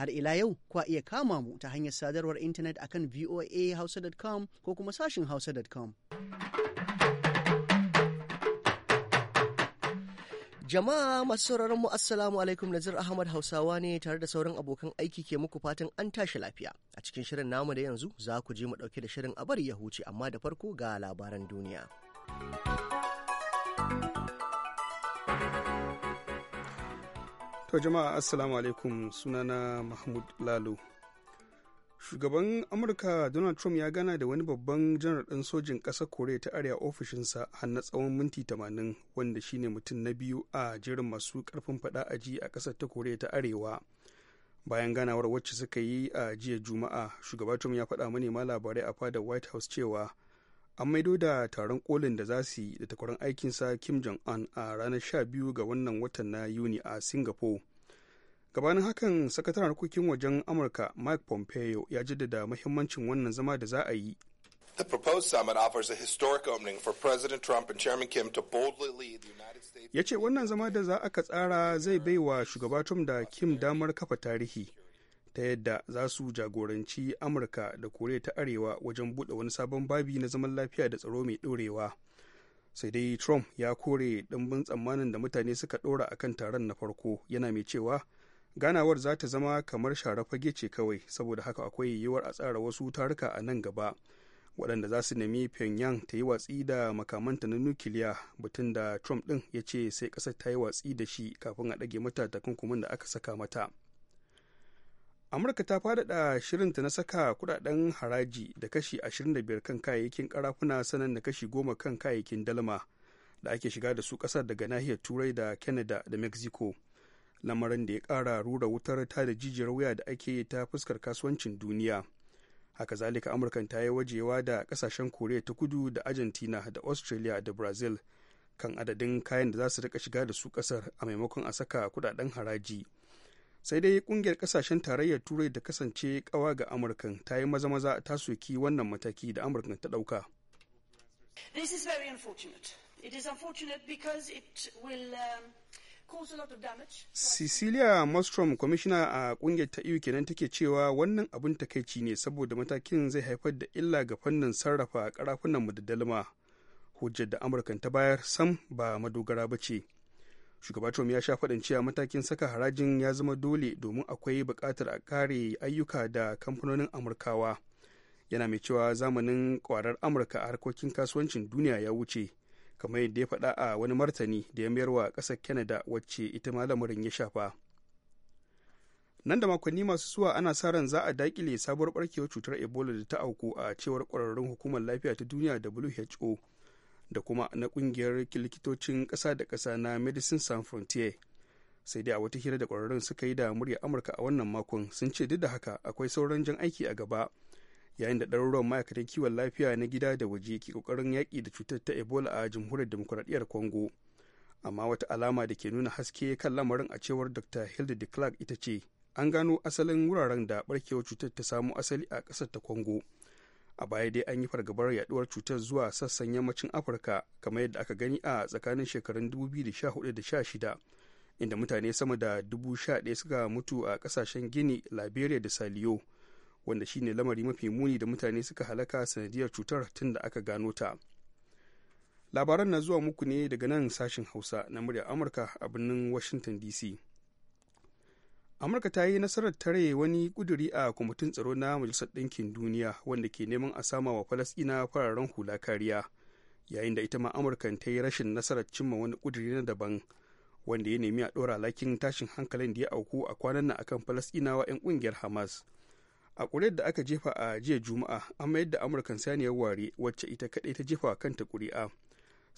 Har ila yau kwa iya kama mu ta hanyar sadarwar intanet akan voahausa.com ko kuma sashin hausa.com. Jama'a masu sauraron mu assalamu alaikum Nazir Ahmad Hausawa ne tare da sauran abokan aiki ke muku fatan an tashi lafiya. A cikin shirin namu da yanzu za ku je mu dauke da shirin a bari ya huce amma da farko ga labaran duniya. To jama'a assalamu alaikum sunana Mahmud Lalo. Shugaban Amurka Donald Trump ya gana da wani babban janar ɗin sojin ƙasar Koriya ta Arewa ofishinsa har na tsawon minti 80 wanda shine mutum na biyu a jerin masu ƙarfin faɗa a ji a ƙasar ta koreya ta Arewa. Bayan ganawar wacce suka yi a jiya Juma'a, shugaba Trump ya faɗa manema labarai a fadar White House cewa an maido da taron kolin da za su yi da takwarar aikinsa kim jong-un a ranar 12 ga wannan watan na yuni a singapore gabanin hakan sakataren harkokin wajen amurka mike pompeo ya jaddada mahimmancin wannan zama da za a yi The proposed summit offers for President Trump and Chairman Kim to boldly lead the Ya ce wannan zama da za aka tsara zai baiwa shugaba Trump da Kim damar kafa tarihi ta yadda za su jagoranci amurka da koriya ta arewa wajen buɗe wani sabon babi na zaman lafiya da tsaro mai ɗorewa sai dai trump ya kore ɗimbin tsammanin da mutane suka ɗora a kan taron na farko yana mai cewa ganawar za ta zama kamar shara fage ce kawai saboda haka akwai yiwuwar a tsara wasu taruka a nan gaba waɗanda za su nemi pyongyang ta yi watsi da makamanta na nukiliya batun da trump ɗin ya ce sai ƙasar ta yi watsi da shi kafin a ɗage mata takunkumin da aka saka mata amurka ta faɗaɗa ta na saka kudaden haraji da kashi 25 kan kayayyakin karafuna sanan da kashi 10 kan kayayyakin dalma da ake shiga da su kasar daga nahiyar turai da canada da mexico lamarin da ya kara rura wutar ta da jijiyar wuya da ake ta fuskar kasuwancin duniya haka zalika amurkan ta yi wajewa da ƙasashen koriya ta kudu da argentina da australia da brazil kan adadin kayan da za su rika shiga da su ƙasar a maimakon a saka kudaden haraji sai dai kungiyar kasashen tarayyar turai da kasance kawa ga amurkan ta yi maza-maza ta soki wannan mataki da amurkan ta dauka this is very it will um... Cecilia Mostrom, kwamishina a kungiyar ta EU kenan take cewa wannan abin takaici ne saboda matakin zai haifar da illa ga fannin sarrafa karafunan mu da Hujjar da Amurkan ta bayar sam ba madogara ba ce. shugaba trump ya sha faɗin cewa matakin saka harajin ya zama dole domin akwai buƙatar a kare ayyuka da kamfanonin amurkawa yana mai cewa zamanin kwarar amurka a harkokin kasuwancin duniya ya wuce kamar yadda ya faɗa a wani martani da ya mayar wa ƙasar canada wacce ita ma lamarin ya shafa nan da makonni masu zuwa ana sa ran za a daƙile sabuwar barkewar cutar ebola da ta auku a cewar ƙwararrun hukumar lafiya ta duniya who da kuma na kungiyar likitocin ƙasa da ƙasa na medicine sans frontier sai dai a wata hira da ƙwararrun suka yi da murya amurka a wannan makon sun ce duk da haka akwai sauran jan aiki a gaba yayin da ɗaruruwan ma'aikatan kiwon lafiya na gida da waje ke ƙoƙarin yaƙi da cutar ta ebola a jamhuriyar demokuraɗiyyar congo amma wata alama da ke nuna haske kan lamarin a cewar dr hilda de clark ita ce an gano asalin wuraren da barkewar cutar ta samu asali a ƙasar ta congo a baya dai an yi fargabar yaduwar cutar zuwa sassan yammacin afirka kamar yadda aka gani a tsakanin shekarun 2014 16 inda mutane sama da 11,000 suka mutu a kasashen gini liberia da saliyo wanda shine lamari mafi muni da mutane suka halaka sanadiyar cutar tun da aka gano ta labaran na zuwa muku ne daga nan sashen hausa na muryar amurka a birnin washington dc amurka ta yi nasarar tare wani kuduri a kwamitin tsaro na majalisar ɗinkin duniya wanda ke neman a sama wa falasɗina fararen hula kariya yayin da ita ma amurka ta yi rashin nasarar cimma wani kuduri na daban wanda ya nemi a ɗora lakin tashin hankalin da ya auku a kwanan nan akan falasɗinawa 'yan ƙungiyar hamas a ƙuri'ar da aka jefa a jiya juma'a an mayar da amurkan saniyar ware wacce ita kaɗai ta jefa kanta ƙuri'a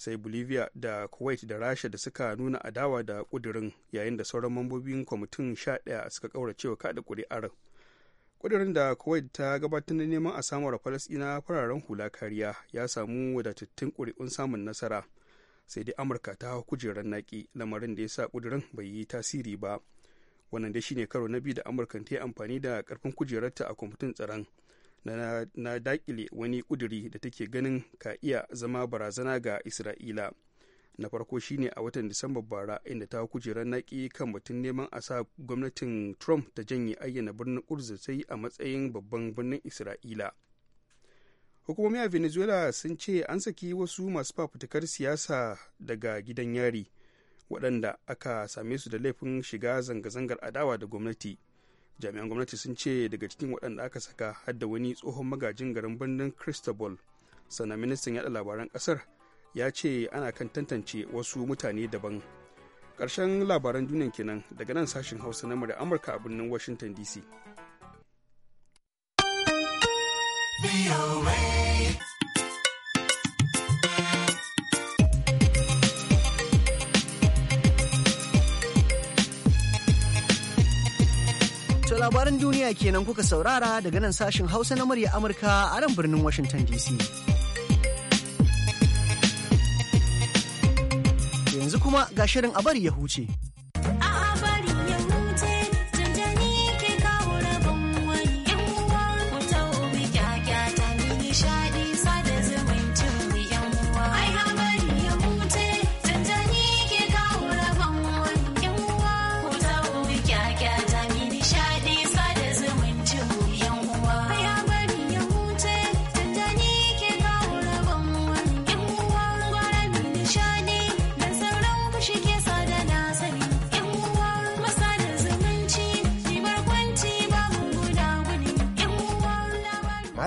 sai bolivia da kuwait da rasha da suka nuna adawa da kudirin yayin da sauran mambobin kwamitin sha ɗaya suka kauracewa kada kuri'ar kudirin da kuwait ta gabatar da neman a samuwar falasina fararen hula kariya ya samu wadatattun kuri'un samun nasara sai dai amurka ta hau kujerar naki lamarin da ya sa kudirin bai yi tasiri ba wannan dai shine karo na biyu da amurka ta yi amfani da karfin kujerarta a kwamitin tsaron na dakile wani kuduri da take ganin ka iya zama barazana ga isra'ila na farko shine a watan disamba bara inda ta kujerar naki kan batun neman a sa gwamnatin trump ta janye ayyana birnin urza sai a matsayin babban birnin isra'ila hukumomi a venezuela sun ce an saki wasu masu fafutukar siyasa daga gidan yari waɗanda aka same su da laifin shiga zanga-zangar adawa da gwamnati jami'an gwamnati sun ce daga cikin waɗanda aka saka har da wani tsohon magajin garin birnin cristobal sannan ministan yada labaran ƙasar ya ce ana kan tantance wasu mutane daban ƙarshen labaran duniyan kenan daga nan sashen hausa na murya amurka a birnin washington dc labaran duniya kenan kuka saurara daga nan sashen Hausa na murya Amurka a nan birnin Washington DC. Yanzu kuma ga shirin a bari ya huce.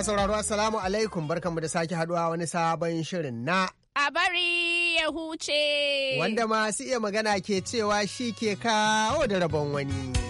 sauraro assalamu alaikum barkanmu da sake haduwa wani sabon shirin na a bari ya huce wanda masu iya magana ke cewa shi ke kawo da rabon wani.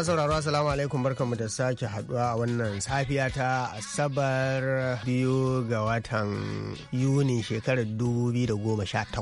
masu sauraro assalamu alaikum barkanmu da sake haduwa a wannan safiya ta asabar biyu ga watan yuni shekarar 2018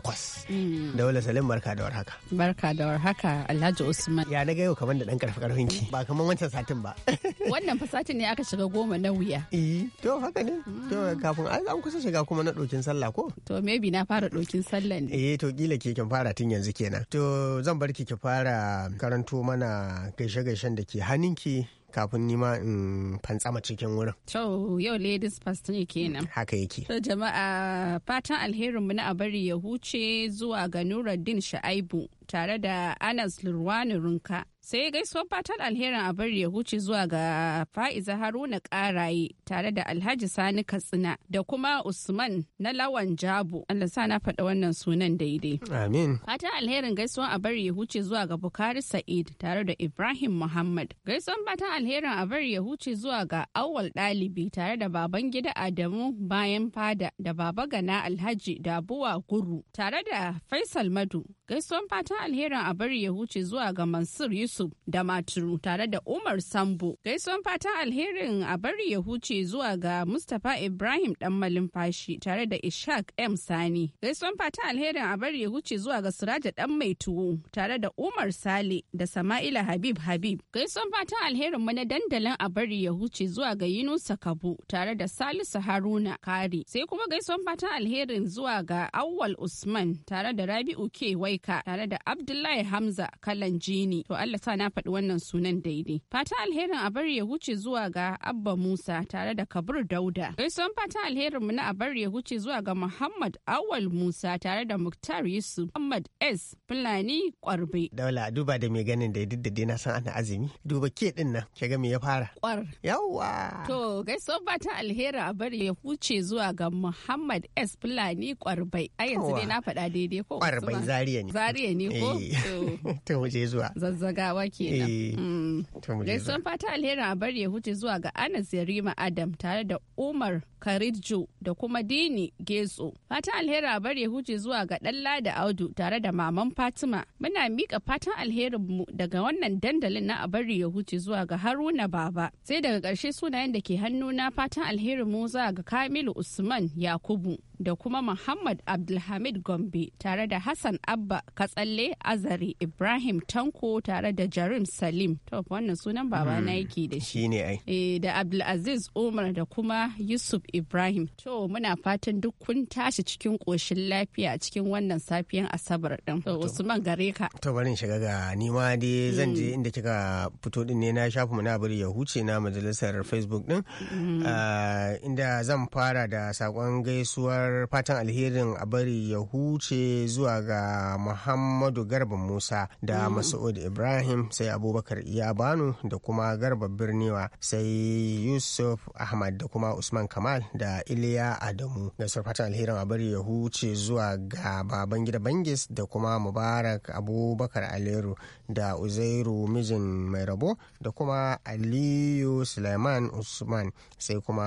mm. daula salim barka da warhaka barka da warhaka alhaji usman ya na yau kamar da dan karfi karfin ki ba kamar wancan satin ba wannan fasatin ne aka shiga goma na wuya eh to haka ne to mm. kafin an kusa shiga kuma na dokin sallah ko to maybe na fara dokin sallah ne eh to kila ke kin fara tun yanzu kenan to zan bar ki ki fara karanto mana gaishe gaishe rahoton da ke ki kafin nima in fantsama cikin wurin. To yau ladies first ne kenan. Haka yake. To jama'a fatan alherin mu na abari ya huce zuwa ga Nuruddin Sha'aibu tare da Anas Lurwani Runka. sai gaisuwar fatan alherin a bari ya huce zuwa ga fa'iza haruna karaye tare da alhaji sani katsina da kuma usman na lawan jabu allah sa na faɗa wannan sunan daidai amin fatan alherin gaisuwar a bari ya huce zuwa ga bukari sa'id tare da ibrahim muhammad gaisuwar fatan alherin a bari ya huce zuwa ga Awal ɗalibi tare da baban gida adamu bayan fada da baba gana alhaji dabuwa guru tare da faisal madu gaisuwar fatan alherin a bari ya huce zuwa ga mansur yusuf Yusuf da Maturu tare da Umar Sambo. Gaisuwan fatan alherin a bari ya huce zuwa ga Mustapha Ibrahim dan malumfashi tare da Ishaq M Sani. Gaisuwan fatan alherin a bari ya huce zuwa ga Suraja dan mai tuwo tare da Umar Sale da Sama'ila Habib Habib. Gaisuwan fatan alherin mu na dandalin a bari ya huce zuwa ga Yunusa Kabu tare da Salisu Haruna Kari. Sai kuma gaisuwan fatan alherin zuwa ga Awwal Usman tare da Rabi'u ke Waika tare da Abdullahi Hamza Kalanjini. To Allah sa na faɗi wannan sunan daidai. Fata alherin a bari ya huce zuwa ga Abba Musa tare da Kabir Dauda. Gaisuwan fata alherin mu na a bari ya huce zuwa ga Muhammad Awal Musa tare da Muktar Yusuf Muhammad S Fulani Kwarbe. Daula duba da mai ganin da duk da dai na san ana azumi. Duba ke din nan ke ga me ya fara. Kwar. Yawwa. To gaisuwan fata alherin a bari ya huce zuwa ga Muhammad S Fulani Kwarbe. A yanzu dai na faɗa daidai ko. Kwarbe Zariya ne. Zariya ne ko. Eh. To je zuwa. Zazzaga fadawa kenan. Eh, mm. sun fata alheri a bari ya zuwa ga Anas Yarima Adam tare da Umar Karidjo da kuma Dini Getso. Fatan alherin a bari ya zuwa ga Dalla da Audu tare da Maman Fatima. Muna mika fatan alherin mu daga wannan dandalin na a bari ya zuwa ga Haruna Baba. Sai daga ƙarshe sunayen da ke hannu na fatan alherinmu za ga Kamilu Usman Yakubu. da kuma Muhammad Abdulhamid Gombe tare da Hassan Abba Katsalle Azari Ibrahim Tanko tare da Jarim Salim. To wannan sunan baba na hmm, yake da shi. ne ai. E, da Abdulaziz Umar da kuma Yusuf Ibrahim. To muna fatan duk kun tashi cikin koshin lafiya cikin wannan safiyan Asabar din. To Usman gare ka. To barin shiga ga ni ma dai zan je hmm. inda kika fito din ne na shafi mu na bari ya huce na majalisar Facebook din. Hmm. Ah, inda zan fara da sakon gaisuwar kamar fatan alherin a bari ya huce zuwa ga muhammadu garba musa da mm. masu'ud ibrahim sai abubakar iyabanu da kuma garba birniwa sai yusuf ahmad da kuma usman kamal da iliya adamu su fatan alherin a bari ya huce zuwa ga baban gida bangis da kuma mubarak abubakar aleru da uzairu mijin mai rabo da kuma aliyu suleiman usman sai kuma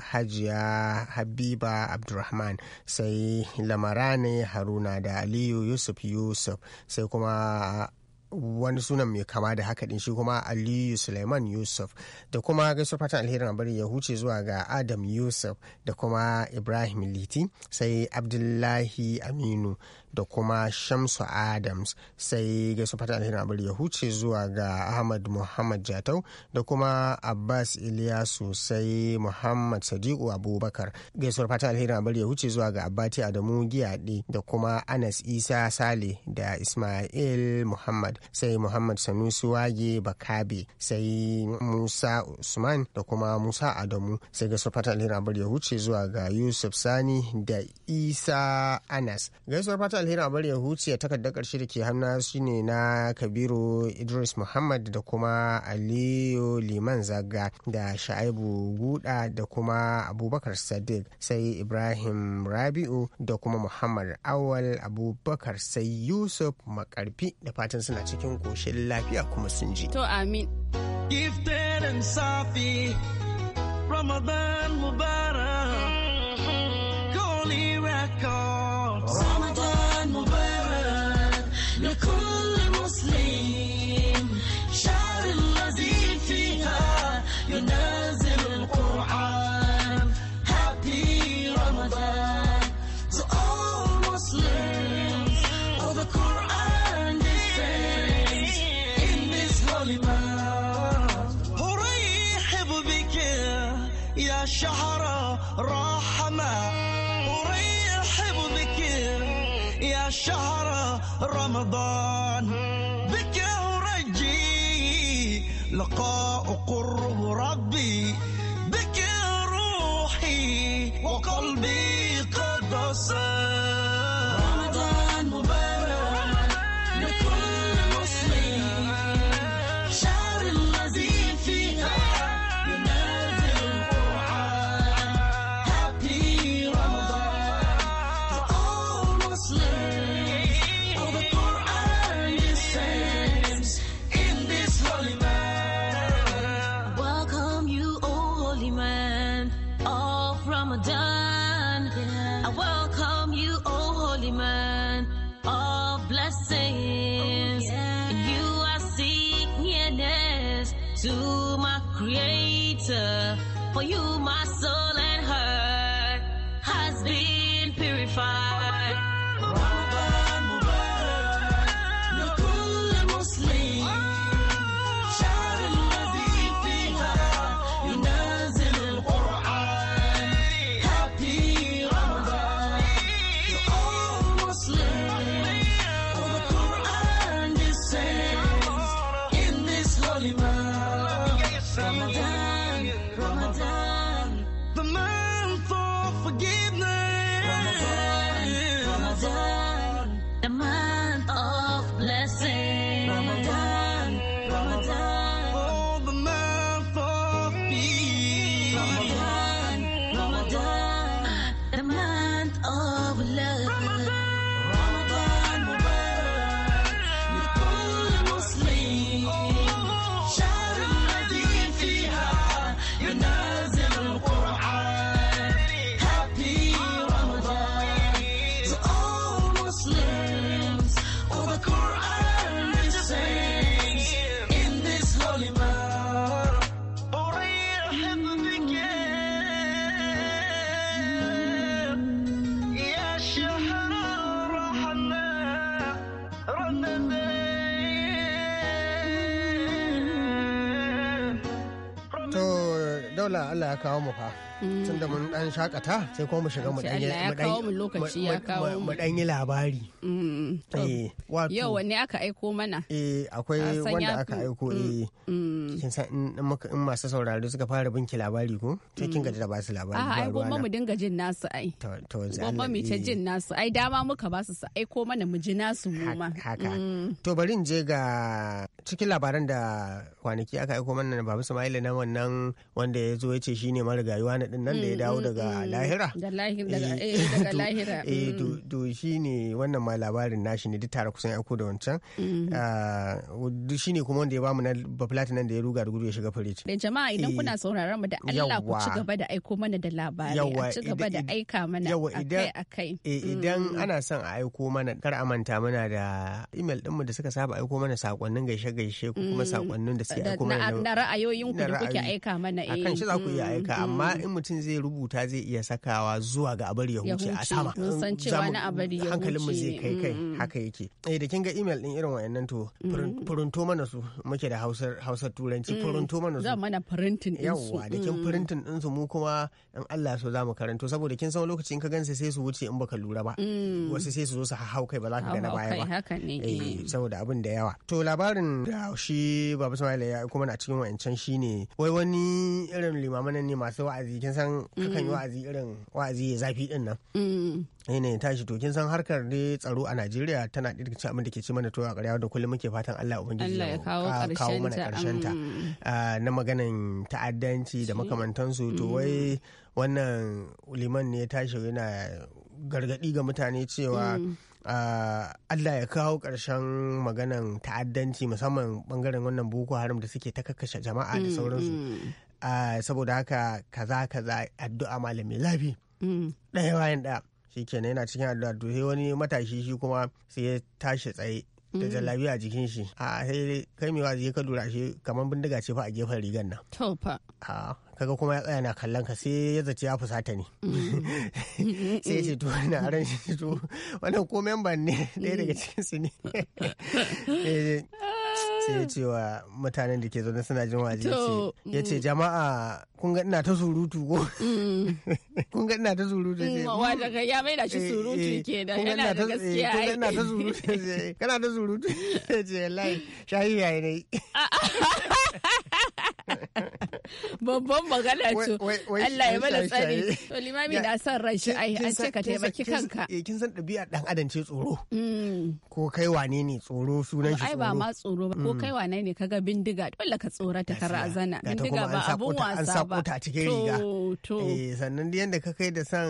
hajiya habiba abdulrahman sai lamarane haruna da aliyu yusuf yusuf sai kuma wani sunan mai kama da haka din shi kuma aliyu suleiman yusuf da kuma gaisu fatan alherin a bari ya huce zuwa ga adam yusuf da kuma ibrahim liti sai abdullahi aminu da kuma Shamsu Adams sai gaisu fata alherin abu ya huce zuwa ga Ahmad Muhammad Jatau da kuma Abbas Iliyasu sai Muhammad Sadiku Abubakar gaisuwar fata alherin abu ya huce zuwa ga Abbati Adamu Giyade da kuma Anas Isa Sale da Ismail Muhammad sai Muhammad Sanusi Wage Bakabe sai Musa Usman da kuma Musa Adamu sai gaisuwar fata alherin abu ya huce zuwa ga Yusuf Sani da Isa Anas gaisuwar fata alheri abar ya huce takarda karshe da ke hannu shine na kabiru idris muhammad da kuma aliyu liman zaga da sha'aibu guda da kuma abubakar sadiq sai ibrahim rabi'u da kuma muhammad awal abubakar sai yusuf makarfi da fatan suna cikin koshin lafiya kuma sun ji to amin ramadan mubarak رمضان بك أرجي لقاء قرب ربي بك روحي وقلبي قد صار Allah Allah ya kawo mu fa. Mm. tun da mun dan shakata sai kuma mu shiga mu dan mu dan yi labari mm. eh, yau wanne aka aiko mana eh akwai wanda aka aiko mm. eh kin san in masu saurari suka fara binki labari ko sai kin gaji da ba su labari ba ai gomma mu dinga jin nasu ai gomma mu ta eh. jin nasu ai dama muka ba su su aiko mana mu ji nasu mu ma haka to bari in je ga cikin labaran da kwanaki aka aiko mana na babu Sumaila na wannan wanda ya zo ya ce shine marigayi na. din nan da ya mm, dawo mm, daga mm. lahira daga eh, eh, lahira eh to ne wannan ma labarin nashi ne duk tare kusan aiko da wancan ah, duk ne kuma wanda ya bamu na bafulati nan da ya ruga da gudu ya shiga firiji da eh, jama'a idan kuna sauraron mu da Allah ku ci gaba da aiko mana da labarai a ci gaba da aika mana akai akai idan ana son a aiko mana kar a manta mana da email din mu da suka saba aiko mana sakonnin gaishe gaishe ko kuma sakonnin da suke aiko mana na ra'ayoyin ku da kuke aika mana eh akan shi za ku iya aika amma in mutum zai rubuta zai iya sakawa zuwa ga abar ya huce a sama hankalin mu zai kai kai haka yake eh da kin ga email din irin wayannan to furunto mana su muke da hausar hausar turanci furunto mana su za mana printing din su yawa da kin printing din su mu kuma in Allah so zamu karanto saboda kin san lokacin ka gansa sai su wuce in baka lura ba mm. wasu sai su zo su hau kai ba za ka ga na baya ba eh, saboda abin da yawa to labarin da shi Baba Ismail ya kuma na cikin wayancan shine wai wani irin limaman ne masu wa'azi kin san kakan yi mm. wa'azi irin wa'azi ya zafi din nan mm. eh, ne tashi to kin san harkar ne tsaro a Najeriya tana ɗirga cewa abin da ke ci mana a ƙarya da kullum muke fatan Allah ubangiji ya kawo mana ƙarshen ta mm. ah, na maganan ta'addanci da makamantansu to wai wannan liman ne ya tashi yana gargaɗi ga mutane cewa Uh, Allah ya kawo karshen maganan ta'addanci musamman bangaren wannan boko haram da suke ta kakkashe jama'a da sauransu saboda haka kaza kaza addu'a malami lafi mm. ɗaya bayan ɗaya na yana cikin addu'a to sai wani matashi shi kuma sai ya tashi tsaye da mm. jallabi a jikin shi a sai kai mai wazi ka dura shi kamar bindiga ce fa a gefen rigar nan to fa a kaga kuma ya tsaya na kallon ka sai ya zaci ya fusata ne mm. sai ya ce to na ran shi to wannan ko memban ne ɗaya daga cikin su ne eh, sai ya eh. ce wa mutanen da ke zaune suna jin waje ya ce mm. jama'a kun ga ina ta surutu ko mm. kun ga ina ta surutu ce mm, wa daga ya mai da shi eh, surutu eh, ke da yana da gaskiya kun ga ina ta surutu kana ta surutu ce wallahi shayi yayi dai babban magana ce Allah ya mana tsari to limami da san ran shi ai an ce ka taimaki kanka kin san eh, ɗabi'a dan adam ce tsoro mm. ko kai wane ne tsoro sunan shi tsoro ai ba ma tsoro ba ko mm. kai wane ne kaga bindiga dole ka tsorata ka razana bindiga ba abun wasa ba an to eh sannan da yanda ka kai da san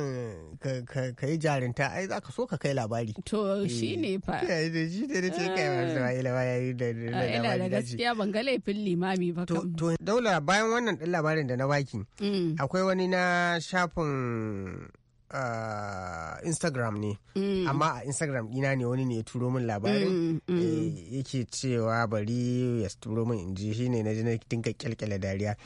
ka yi jarinta ai zaka so ka kai labari to eh. shine fa shi da ce kai ba ah. sai ah, labari da gaskiya ban ga laifin limami ba to daula bayan wannan wannan ɗin labarin da na baki mm. akwai wani na shafin Uh, Instagram ne, mm. amma a Instagram ɗina ne wani ne ya turo min labarin mm, mm, eh, yake cewa bari ya turo min inji shi ne na na dinka kyalkyala dariya.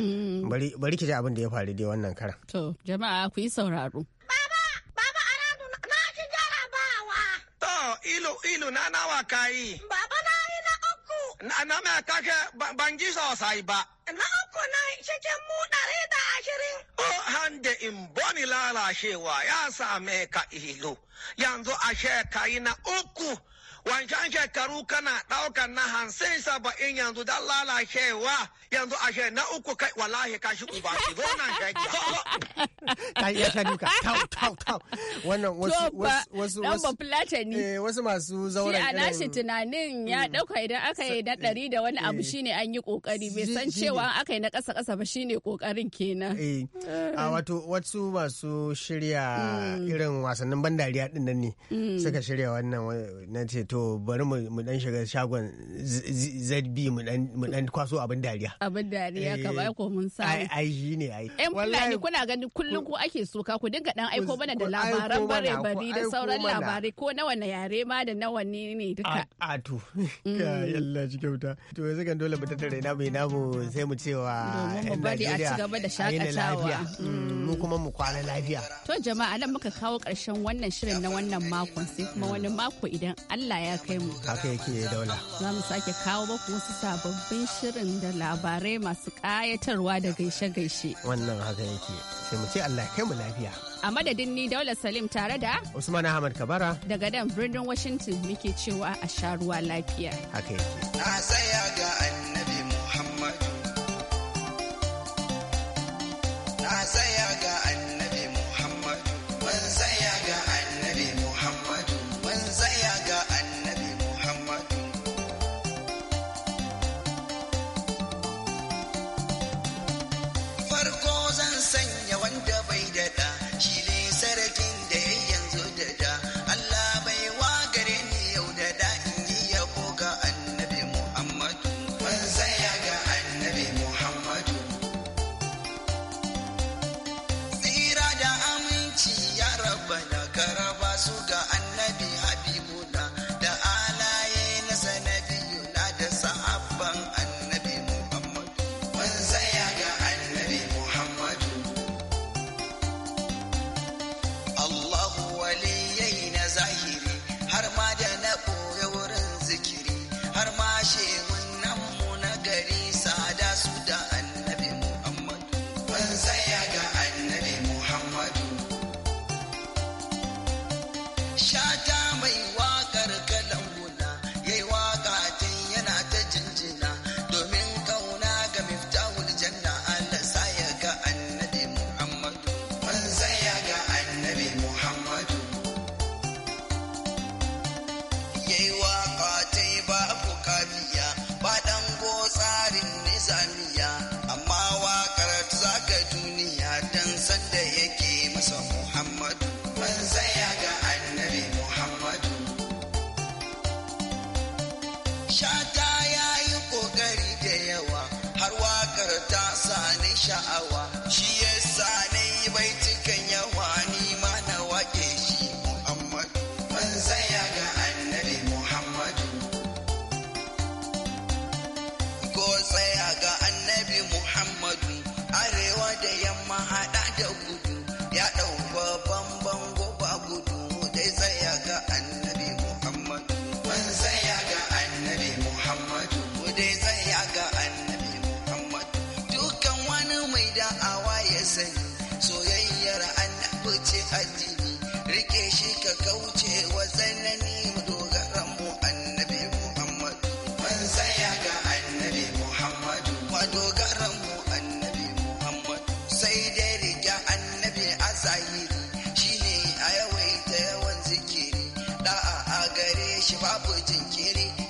Bari ki ji abin da ya faru dai wannan karan. To, jama'a ku yi sauraro. Baba, baba aradu na shi jarabawa. To, ilu ilu na nawa kayi. Baba na yi na uku. Na na me kake ban ji sosai ba. Na uku. kunan cikin mu ɗari da ashirin. O hande in boni lalacewa ya same ka ilo, yanzu ashe ka yi na uku wancan shekaru kana ɗaukan na hamsin saba'in yanzu dan lalacewa yanzu ashe na uku kai wallahi ka shi uba ki zo nan shaki. Ta iya sha duka tau tau tau wannan wasu wasu wasu eh, wasu masu zauren irin. Shi a nashi tunanin ya dauka mm. idan aka yi na ɗari da wani abu eh. shine an yi ƙoƙari bai san cewa aka yi na ƙasa ƙasa ba shine ƙoƙarin kenan. Eh. A wato wasu masu shirya mm. irin wasannin bandariya din ɗin nan ne mm. suka shirya wannan na ce to bari mu dan shiga shagon zb mu dan kwaso abin dariya abin dariya ka ba ko mun sa ai shi ne ai yan fulani kuna ganin kullum ko ake soka ku dinga dan aiko mana da labaran bare bari da sauran labarai ko na wani yare ma da na wani ne duka a to mm. yalla ji kyauta to yanzu kan dole mu tattare na mai namu sai mu cewa domin mu bari a ci gaba da shakatawa mm, mm. mu kuma mu kwana lafiya to jama'a nan muka kawo karshen wannan shirin na wannan makon sai kuma wani mako idan Allah ya ya kai mu. Haka yake daula. Za mu sake kawo baku wasu sababbin shirin da labarai masu ƙayatarwa da gaishe-gaishe. Wannan haka yake. Sai mu ce Allah kai mu lafiya. A madadin ni Daula Salim tare da Usman Ahmad Kabara daga dan birnin Washington muke cewa a sha ruwa lafiya. Haka yake. Na tsaya ga annabi Muhammadu. Na tsaya ga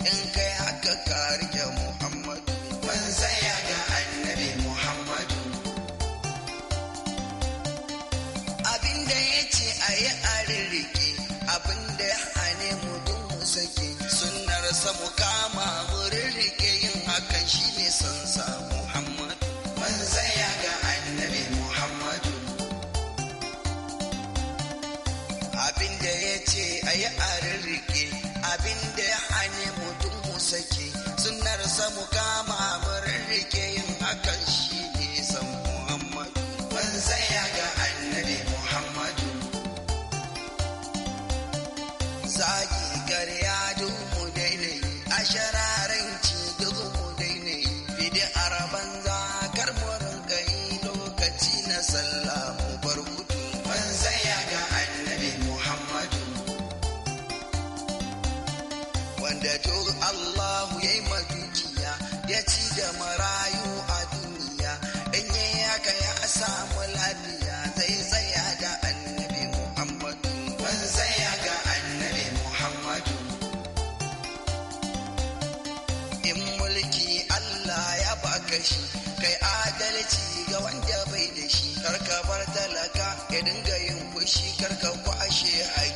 in kai haka ka rike ban tsaya ga annabi muhammadu abinda ya ce a yi a ya kai adalci ga wanda bai da shi karka ka bar talaka ya dinga yin kushi karka kwashe haƙi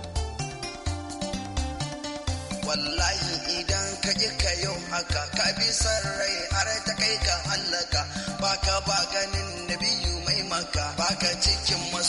kika yau haka ka bi san rai har ta kai ka hallaka baka ba ganin nabiyu mai maka baka cikin ma